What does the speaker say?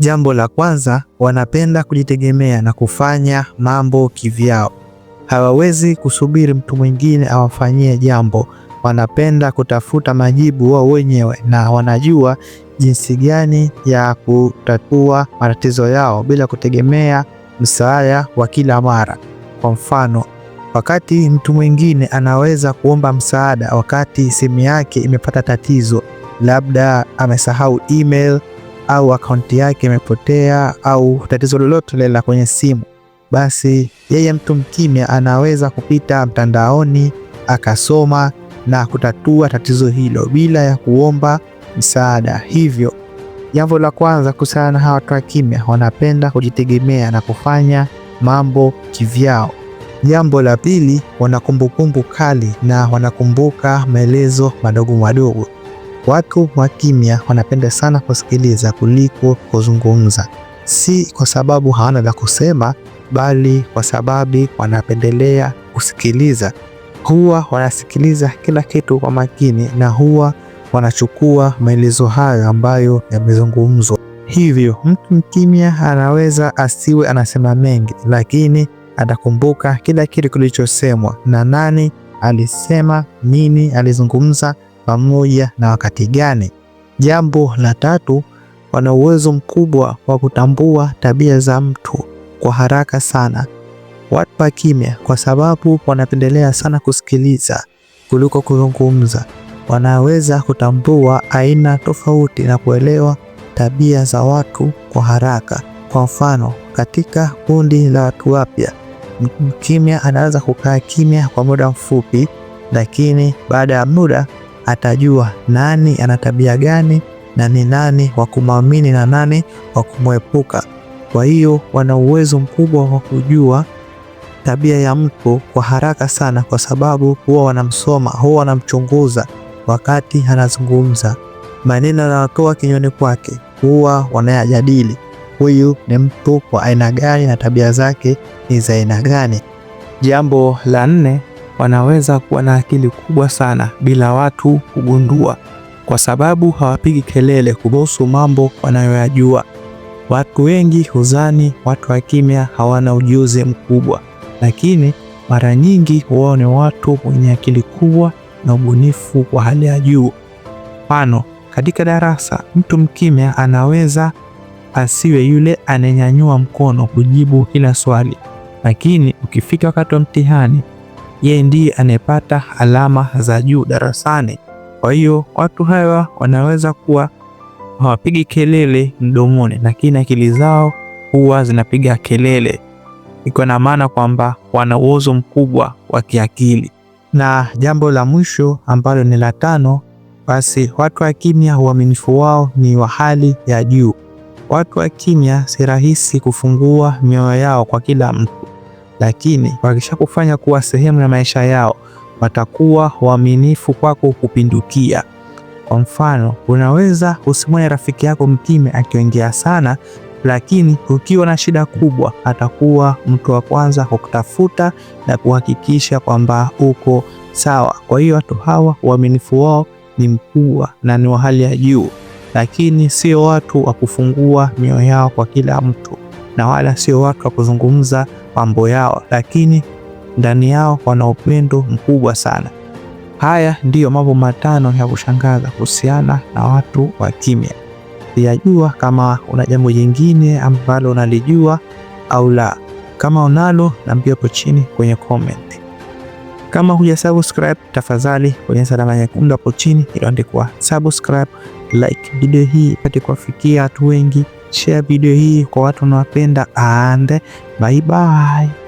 Jambo la kwanza, wanapenda kujitegemea na kufanya mambo kivyao. Hawawezi kusubiri mtu mwingine awafanyie jambo. Wanapenda kutafuta majibu wao wenyewe na wanajua jinsi gani ya kutatua matatizo yao bila kutegemea msaada wa kila mara. Kwa mfano, wakati mtu mwingine anaweza kuomba msaada wakati simu yake imepata tatizo, labda amesahau email au akaunti yake imepotea au tatizo lolote lile la kwenye simu, basi yeye mtu mkimya anaweza kupita mtandaoni akasoma na kutatua tatizo hilo bila ya kuomba msaada. Hivyo jambo la kwanza kuhusiana na hawa watu wa kimya, wanapenda kujitegemea na kufanya mambo kivyao. Jambo la pili, wana kumbukumbu kali na wanakumbuka maelezo madogo madogo. Watu wa kimya wanapenda sana kusikiliza kuliko kuzungumza, si kwa sababu hawana la kusema, bali kwa sababu wanapendelea kusikiliza. Huwa wanasikiliza kila kitu kwa makini na huwa wanachukua maelezo hayo ambayo yamezungumzwa. Hivyo mtu mkimya anaweza asiwe anasema mengi, lakini atakumbuka kila kitu kilichosemwa na nani alisema nini, alizungumza pamoja na wakati gani. Jambo la tatu, wana uwezo mkubwa wa kutambua tabia za mtu kwa haraka sana. Watu wa kimya, kwa sababu wanapendelea sana kusikiliza kuliko kuzungumza, wanaweza kutambua aina tofauti na kuelewa tabia za watu kwa haraka. Kwa mfano, katika kundi la watu wapya, mkimya anaweza kukaa kimya kwa muda mfupi, lakini baada ya muda atajua nani ana tabia gani na ni nani wa kumwamini na nani wa kumwepuka. Kwa hiyo wana uwezo mkubwa wa kujua tabia ya mtu kwa haraka sana, kwa sababu huwa wanamsoma, huwa wanamchunguza wakati anazungumza. Maneno yanayotoa kinywani kwake huwa wanayajadili, huyu ni mtu wa aina gani na tabia zake ni za aina gani. Jambo la nne wanaweza kuwa na akili kubwa sana bila watu kugundua, kwa sababu hawapigi kelele kuhusu mambo wanayoyajua. Watu wengi huzani watu wa kimya hawana ujuzi mkubwa, lakini mara nyingi wao ni watu wenye akili kubwa na ubunifu wa hali ya juu. Mfano, katika darasa mtu mkimya anaweza asiwe yule anayenyanyua mkono kujibu kila swali, lakini ukifika wakati wa mtihani yeye ndiye anayepata alama za juu darasani. Kwa hiyo watu hawa wanaweza kuwa hawapigi kelele mdomoni, lakini akili zao huwa zinapiga kelele, iko na maana kwamba wana uozo mkubwa wa kiakili. Na jambo la mwisho ambalo ni la tano, basi watu wa kimya, uaminifu wao ni wa hali ya juu. Watu wa kimya si rahisi kufungua mioyo yao kwa kila mtu lakini wakishakufanya kuwa sehemu ya maisha yao watakuwa waaminifu kwako kupindukia. Kwa mfano, unaweza usimwone rafiki yako mkime akiongea sana, lakini ukiwa na shida kubwa atakuwa mtu wa kwanza kukutafuta na kuhakikisha kwamba uko sawa. Kwa hiyo watu hawa uaminifu wao ni mkubwa na ni wa hali ya juu, lakini sio watu wa kufungua mioyo yao kwa kila mtu na wala sio watu wa kuzungumza mambo yao, lakini ndani yao wana upendo mkubwa sana. Haya ndiyo mambo matano ya kushangaza kuhusiana na watu wa kimya. Sijajua kama una jambo jingine ambalo unalijua au la. Kama unalo, naambia hapo chini kwenye comment. Kama huja subscribe, tafadhali bonyeza alama nyekundu hapo chini iliyoandikwa subscribe, like video hii ipate kuwafikia watu wengi share video hii kwa watu unawapenda, and bye bye.